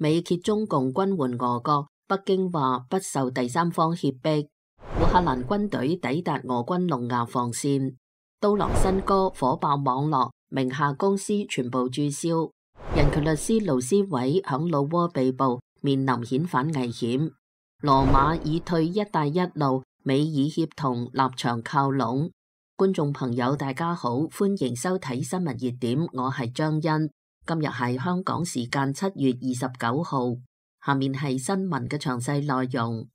美揭中共軍援俄國，北京話不受第三方脅迫。烏克蘭軍隊抵達俄軍龍牙防線。刀郎新歌火爆網絡，名下公司全部註銷。人權律師盧思位響老撾被捕，面臨遣返危險。羅馬擬退一帶一路，美意協同立場靠攏。觀眾朋友大家好，歡迎收睇新聞熱點，我係張恩。今日係香港時間七月二十九號。下面係新聞嘅詳細內容。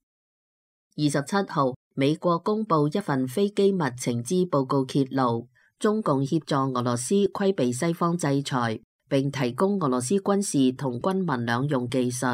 二十七號，美國公佈一份非機密情資報告，揭露中共協助俄羅斯規避西方制裁，並提供俄羅斯軍事同軍民兩用技術。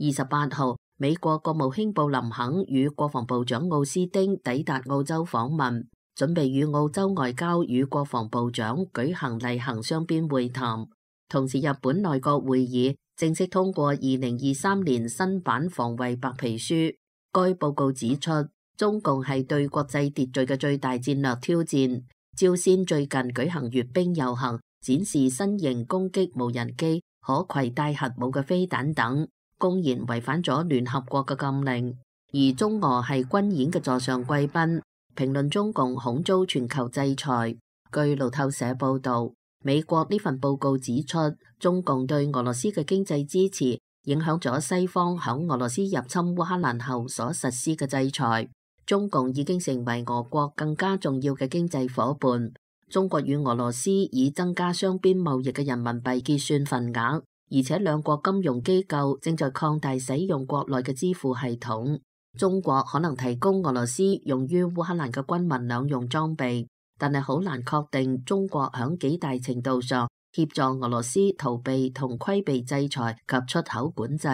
二十八號，美國國務卿布林肯與國防部長奧斯丁抵達澳洲訪問，準備與澳洲外交與國防部長舉行例行雙邊會談。同時，日本內閣會議正式通過二零二三年新版防衛白皮書。該報告指出，中共係對國際秩序嘅最大戰略挑戰。朝鮮最近舉行閱兵遊行，展示新型攻擊無人機、可攜帶核武嘅飛彈等，公然違反咗聯合國嘅禁令。而中俄係軍演嘅座上貴賓。評論中共恐遭全球制裁。據路透社報導。美國呢份報告指出，中共對俄羅斯嘅經濟支持影響咗西方響俄羅斯入侵烏克蘭後所實施嘅制裁。中共已經成為俄國更加重要嘅經濟夥伴。中國與俄羅斯已增加雙邊貿易嘅人民幣結算份額，而且兩國金融機構正在擴大使用國內嘅支付系統，中國可能提供俄羅斯用於烏克蘭嘅軍民兩用裝備。但係好難確定中國響幾大程度上協助俄羅斯逃避同規避制裁及出口管制。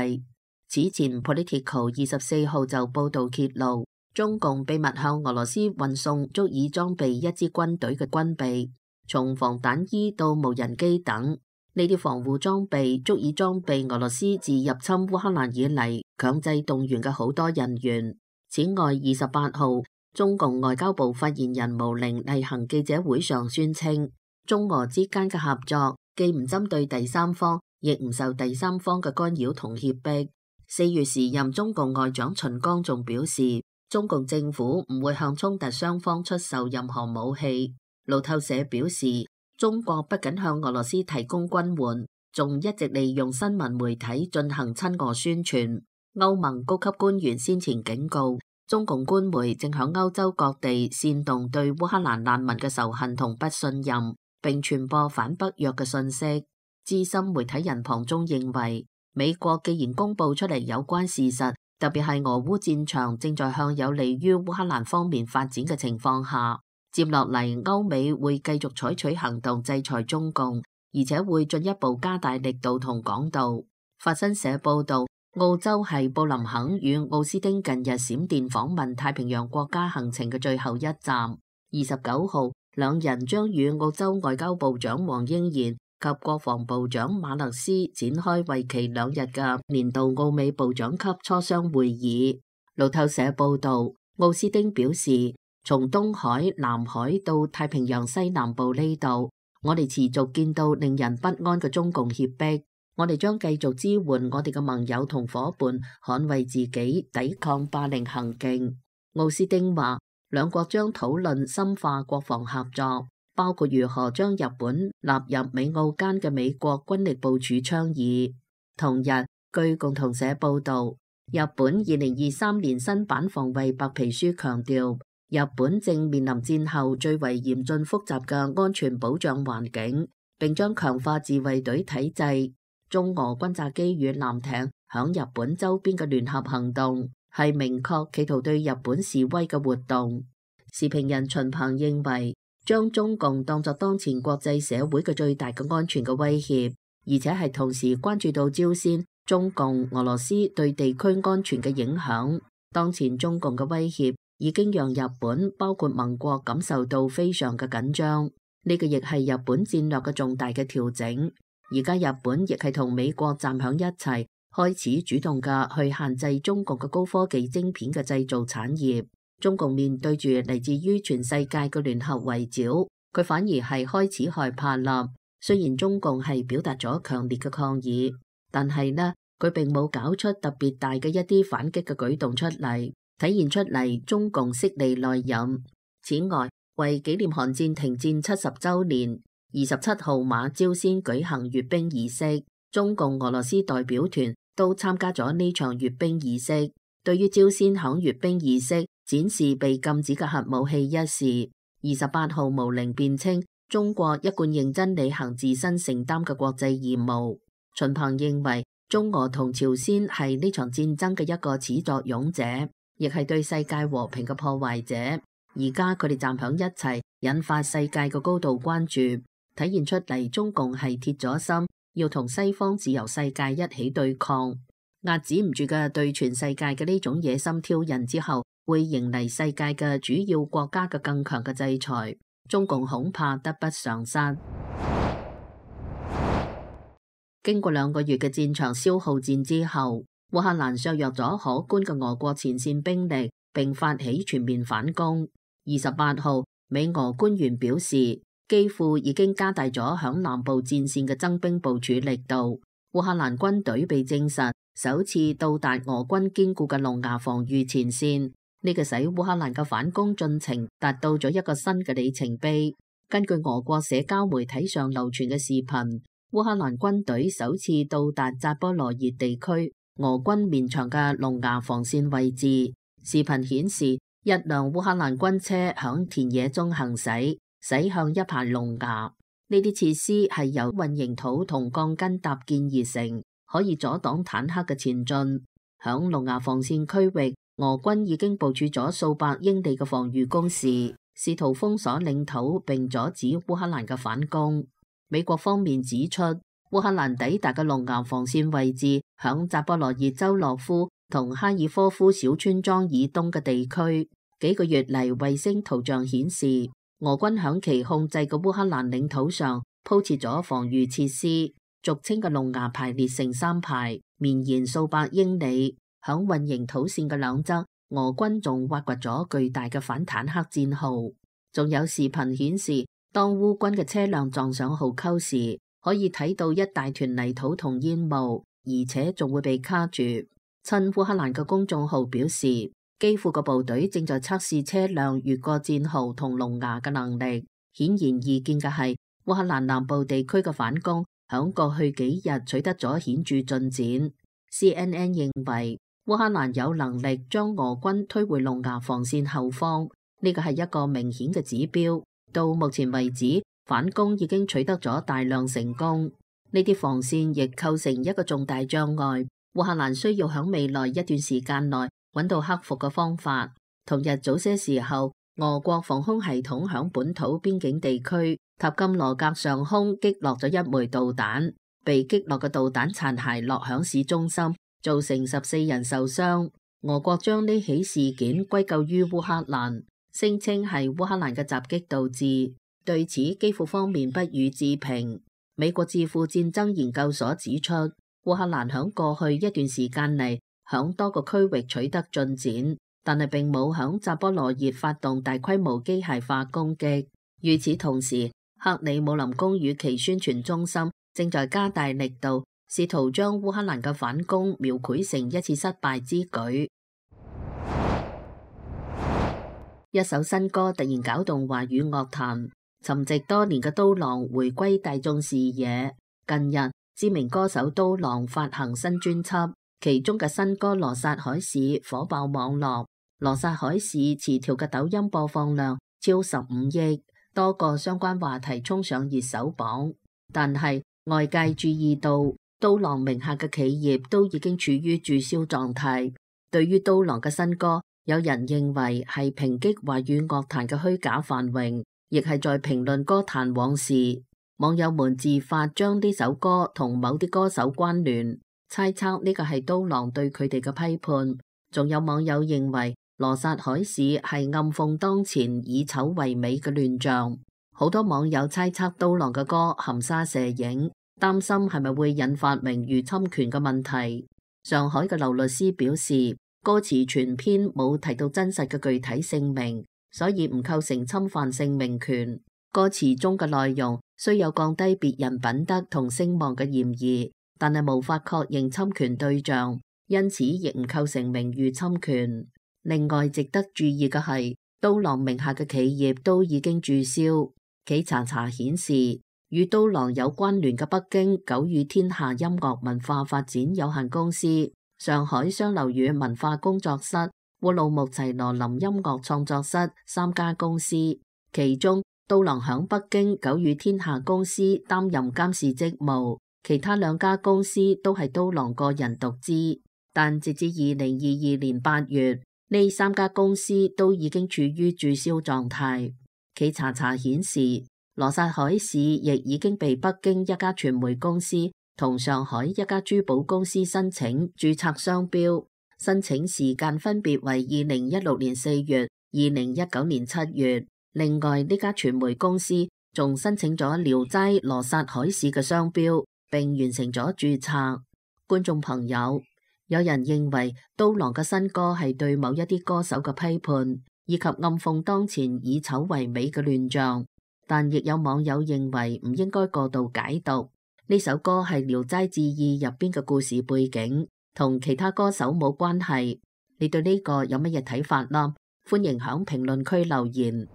此前 Politico 二十四號就報道揭露，中共秘密向俄羅斯運送足以裝備一支軍隊嘅軍備，從防彈衣到無人機等，呢啲防護裝備足以裝備俄羅斯自入侵烏克蘭以嚟強制動員嘅好多人員。此外，二十八號。中共外交部發言人毛寧例行記者會上宣稱，中俄之間嘅合作既唔針對第三方，亦唔受第三方嘅干擾同脅迫。四月時任中共外長秦剛仲表示，中共政府唔會向衝突雙方出售任何武器。路透社表示，中國不僅向俄羅斯提供軍援，仲一直利用新聞媒體進行親俄宣傳。歐盟高級官員先前警告。中共官媒正響歐洲各地煽動對烏克蘭難民嘅仇恨同不信任，並傳播反北約嘅信息。資深媒體人龐中認為，美國既然公布出嚟有關事實，特別係俄烏戰場正在向有利於烏克蘭方面發展嘅情況下，接落嚟歐美會繼續採取行動制裁中共，而且會進一步加大力度同廣度。法新社報道。澳洲喺布林肯與奧斯汀近日閃電訪問太平洋國家行程嘅最後一站。二十九號，兩人將與澳洲外交部長黃英賢及國防部長馬勒斯展開為期兩日嘅年度澳美部長級磋商會議。路透社報道，奧斯汀表示，從東海、南海到太平洋西南部呢度，我哋持續見到令人不安嘅中共脅迫。我哋將繼續支援我哋嘅盟友同夥伴，捍衛自己，抵抗霸凌行徑。奧斯丁話，兩國將討論深化國防合作，包括如何將日本納入美澳間嘅美國軍力部署倡議。同日，據共同社報道，日本二零二三年新版防衛白皮書強調，日本正面臨戰後最為嚴峻複雜嘅安全保障環境，並將強化自衛隊體制。中俄轟炸機與艦艇響日本周邊嘅聯合行動，係明確企圖對日本示威嘅活動。時評人秦鵬認為，將中共當作當前國際社會嘅最大嘅安全嘅威脅，而且係同時關注到朝鮮、中共、俄羅斯對地區安全嘅影響。當前中共嘅威脅已經讓日本包括盟國感受到非常嘅緊張。呢個亦係日本戰略嘅重大嘅調整。而家日本亦係同美國站響一齊開始主動嘅去限制中國嘅高科技晶片嘅製造產業，中共面對住嚟自於全世界嘅聯合圍剿，佢反而係開始害怕啦。雖然中共係表達咗強烈嘅抗議，但係呢，佢並冇搞出特別大嘅一啲反擊嘅舉動出嚟，體現出嚟中共色厲內荏。此外，為紀念韓戰停戰七十周年，二十七號晚朝鮮舉行閱兵儀式，中共俄羅斯代表團都參加咗呢場閱兵儀式。對於朝鮮響閱兵儀式展示被禁止嘅核武器一事，二十八號毛寧辯稱，中國一貫認真履行自身承擔嘅國際義務。秦鵬認為，中俄同朝鮮係呢場戰爭嘅一個始作俑者，亦係對世界和平嘅破壞者。而家佢哋站響一齊，引發世界嘅高度關注。體現出嚟，中共係鐵咗心要同西方自由世界一起對抗，壓止唔住嘅對全世界嘅呢種野心挑釁之後，會迎嚟世界嘅主要國家嘅更強嘅制裁，中共恐怕得不償失。 經過兩個月嘅戰場消耗戰之後，烏克蘭削弱咗可觀嘅俄國前綫兵力，並發起全面反攻。二十八號，美俄官員表示，幾乎已經加大咗響南部戰線嘅增兵部署力度。烏克蘭軍隊被證實首次到達俄軍堅固嘅龍牙防禦前線，呢個使烏克蘭嘅反攻進程達到咗一個新嘅里程碑。根據俄國社交媒體上流傳嘅視頻，烏克蘭軍隊首次到達扎波羅熱地區俄軍綿長嘅龍牙防線位置。視頻顯示，一輛烏克蘭軍車響田野中行駛。駛向一排龍牙，呢啲設施係由混凝土同鋼筋搭建而成，可以阻擋坦克嘅前進。響龍牙防線區域，俄軍已經部署咗數百英里嘅防禦工事，試圖封鎖領土並阻止烏克蘭嘅反攻。美國方面指出，烏克蘭抵達嘅龍牙防線位置響扎波羅熱州洛夫同哈爾科夫小村莊以東嘅地區。幾個月嚟，衛星圖像顯示。俄軍向其控制嘅烏克蘭領土上鋪設咗防禦設施，俗稱嘅龍牙排列成三排，綿延數百英里。響運營土線嘅兩側，俄軍仲挖掘咗巨大嘅反坦克戰壕。仲有視頻顯示，當烏軍嘅車輛撞上壕溝時，可以睇到一大團泥土同煙霧，而且仲會被卡住。親烏克蘭嘅公眾號表示。基輔嘅部隊正在測試車輛越過戰壕同龍牙嘅能力。顯然易見嘅係，烏克蘭南部地區嘅反攻響過去幾日取得咗顯著進展。CNN 認為烏克蘭有能力將俄軍推回龍牙防線後方，呢個係一個明顯嘅指標。到目前為止，反攻已經取得咗大量成功。呢啲防線亦構成一個重大障礙。烏克蘭需要響未來一段時間內。搵到克服嘅方法。同日早些時候，俄國防空系統響本土邊境地區塔甘羅格上空擊落咗一枚導彈，被擊落嘅導彈殘骸落響市中心，造成十四人受傷。俄國將呢起事件歸咎於烏克蘭，聲稱係烏克蘭嘅襲擊導致。對此，基輔方面不予置評。美國智庫戰爭研究所指出，烏克蘭響過去一段時間嚟。響多個區域取得進展，但係並冇響扎波羅熱發動大規模機械化攻擊。與此同時，克里姆林宮與其宣傳中心正在加大力度，試圖將烏克蘭嘅反攻描繪成一次失敗之舉。 一首新歌突然搞動華語樂壇，沉寂多年嘅刀郎回歸大眾視野。近日，知名歌手刀郎發行新專輯。其中嘅新歌《羅剎海市》火爆網絡，《羅剎海市》詞條嘅抖音播放量超十五億，多個相關話題衝上熱搜榜。但係外界注意到，刀郎名下嘅企業都已經處於注銷狀態。對於刀郎嘅新歌，有人認為係抨擊華語樂壇嘅虛假繁榮，亦係在評論歌壇往事。網友們自發將呢首歌同某啲歌手關聯。猜測呢個係刀郎對佢哋嘅批判，仲有網友認為羅剎海市係暗諷當前以醜為美嘅亂象。好多網友猜測刀郎嘅歌含沙射影，擔心係咪會引發名譽侵權嘅問題。上海嘅劉律師表示，歌詞全篇冇提到真實嘅具體姓名，所以唔構成侵犯姓名權。歌詞中嘅內容雖有降低別人品德同聲望嘅嫌疑。但係無法確認侵權對象，因此亦唔構成名譽侵權。另外，值得注意嘅係，刀郎名下嘅企業都已經注銷。企查查顯示，與刀郎有關聯嘅北京九雨天下音樂文化發展有限公司、上海雙流雨文化工作室、烏魯木齊羅林音樂創作室三家公司，其中刀郎響北京九雨天下公司擔任監事職務。其他兩家公司都係刀郎個人獨資，但截至二零二二年八月，呢三家公司都已經處於注銷狀態。企查查顯示，羅剎海市亦已經被北京一家傳媒公司同上海一家珠寶公司申請注冊商標，申請時間分別為二零一六年四月、二零一九年七月。另外，呢家傳媒公司仲申請咗聊齋羅剎海市嘅商標。並完成咗註冊。觀眾朋友，有人認為刀郎嘅新歌係對某一啲歌手嘅批判，以及暗諷當前以醜為美嘅亂象。但亦有網友認為唔應該過度解讀呢首歌係《聊齋志異》入邊嘅故事背景，同其他歌手冇關係。你對呢個有乜嘢睇法啦？歡迎響評論區留言。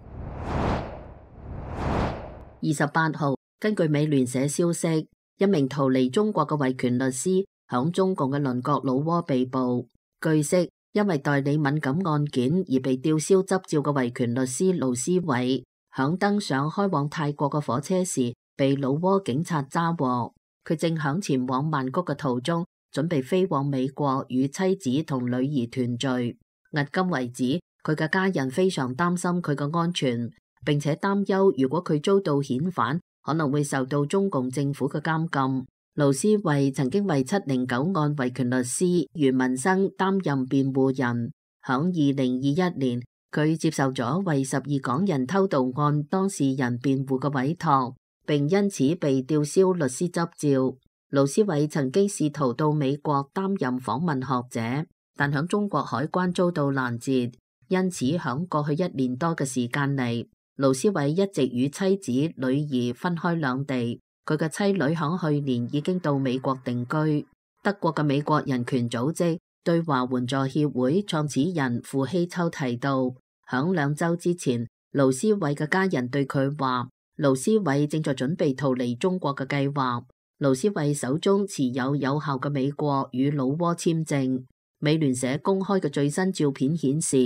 二十八號，根據美聯社消息，一名逃離中國嘅維權律師響中共嘅鄰國老撾被捕。據悉，因為代理敏感案件而被吊銷執照嘅維權律師盧思位，響登上開往泰國嘅火車時被老撾警察抓獲。佢正響前往曼谷嘅途中，準備飛往美國與妻子同女兒團聚。迄今為止，佢嘅家人非常擔心佢嘅安全，並且擔憂如果佢遭到遣返。可能會受到中共政府嘅監禁。盧思位曾經為七零九案維權律師余文生擔任辯護人。響二零二一年，佢接受咗為十二港人偷渡案當事人辯護嘅委託，並因此被吊銷律師執照。盧思位曾經試圖到美國擔任訪問學者，但響中國海關遭到攔截，因此響過去一年多嘅時間嚟。盧思位一直與妻子、女兒分開兩地。佢嘅妻女響去年已經到美國定居。德國嘅美國人權組織對華援助協會創始人傅希秋提到，響兩周之前，盧思位嘅家人對佢話，盧思位正在準備逃離中國嘅計劃。盧思位手中持有有效嘅美國與老撾簽證。美聯社公開嘅最新照片顯示，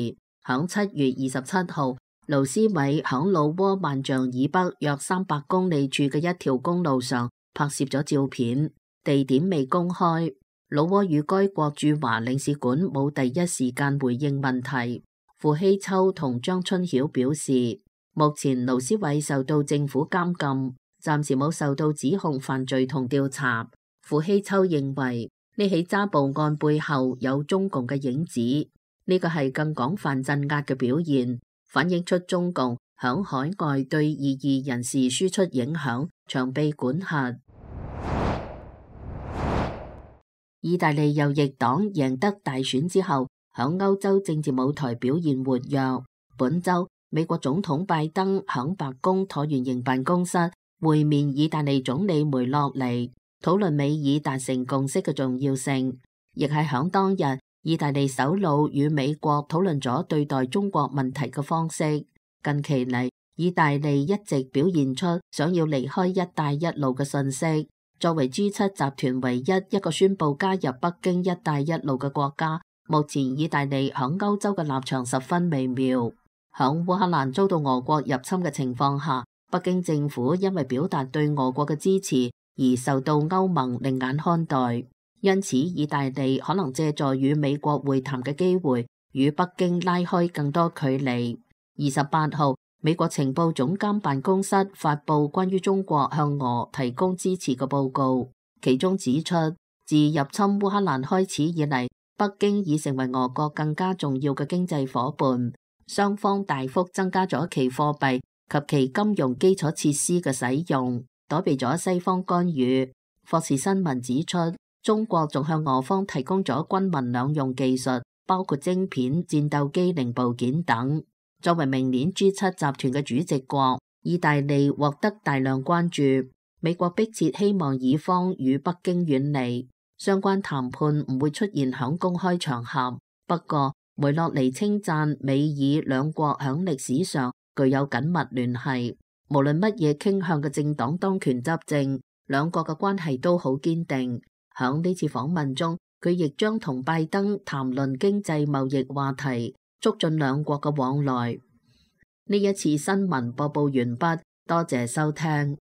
響七月二十七號。盧思偉響老撾萬象以北約三百公里處嘅一條公路上拍攝咗照片，地點未公開。老撾與該國駐華領事館冇第一時間回應問題。傅希秋同張春曉表示，目前盧思偉受到政府監禁，暫時冇受到指控犯罪同調查。傅希秋認為呢起揸捕案背後有中共嘅影子，呢個係更廣泛鎮壓嘅表現。反映出中共響海外對異議人士輸出影響，長被管轄。 意大利右翼黨贏得大選之後響歐洲政治舞台表現活躍。本周，美國總統拜登響白宮橢圓形辦公室會面意大利總理梅洛尼，討論美意達成共識嘅重要性，亦係響當日。意大利首腦與美國討論咗對待中國問題嘅方式。近期嚟，意大利一直表現出想要離開一帶一路嘅信息。作為 G 七集團唯一一個宣布加入北京一帶一路嘅國家，目前意大利響歐洲嘅立場十分微妙。響烏克蘭遭到俄國入侵嘅情況下，北京政府因為表達對俄國嘅支持而受到歐盟另眼看待。因此，意大利可能借助與美國會談嘅機會，與北京拉開更多距離。二十八號，美國情報總監辦公室發布關於中國向俄提供支持嘅報告，其中指出，自入侵烏克蘭開始以嚟，北京已成為俄國更加重要嘅經濟伙伴，雙方大幅增加咗其貨幣及其金融基礎設施嘅使用，躲避咗西方干預。霍士新聞指出。中國仲向俄方提供咗軍民兩用技術，包括晶片、戰鬥機零部件等。作為明年 G7 集團嘅主席國，意大利獲得大量關注。美國迫切希望意方與北京遠離，相關談判唔會出現響公開場合。不過梅洛尼稱讚美意兩國響歷史上具有緊密聯繫，無論乜嘢傾向嘅政黨當權執政，兩國嘅關係都好堅定。喺呢次訪問中，佢亦將同拜登談論經濟貿易話題，促進兩國嘅往來。呢一次新聞播報完畢，多謝收聽。